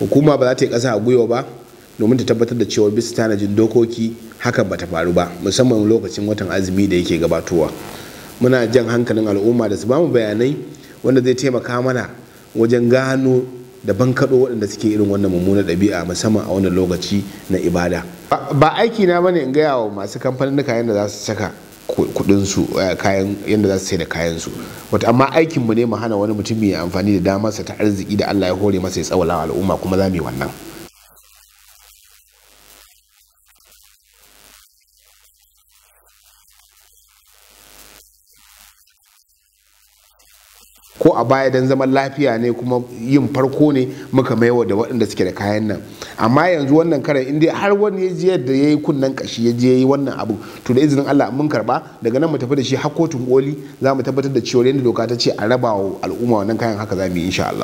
hukuma ba za ta yi kasa a gwiwa ba domin ta tabbatar da cewa bisa tanajin dokoki hakan ba ta faru ba musamman lokacin watan azumi da yake gabatowa muna jan hankalin al'umma da su bamu bayanai wanda zai taimaka mana wajen gano da bankaɗo waɗanda suke irin wannan mummunar ɗabi'a musamman a wannan lokaci na ibada ba aiki na bane in gaya wa masu kamfanin yadda za su saka kudin su eh, kayan yadda za su sai da kayan su wata amma aikin mu ne mu hana wani mutum mai amfani da sa ta arziki da Allah ya hore masa ya tsawala al'umma kuma za mu yi wannan ko a baya don zaman lafiya ne kuma yin farko ne muka maiwa da waɗanda suke da kayan nan amma yanzu wannan karan inda har wani ya je yadda ya yi kunnen kashi ya je ya yi wannan abu to da izinin Allah mun karba daga nan mu tafi da shi har kotun koli za mu tabbatar da cewa yadda doka ta ce a raba wa al'umma wannan kayan haka za mu yi insha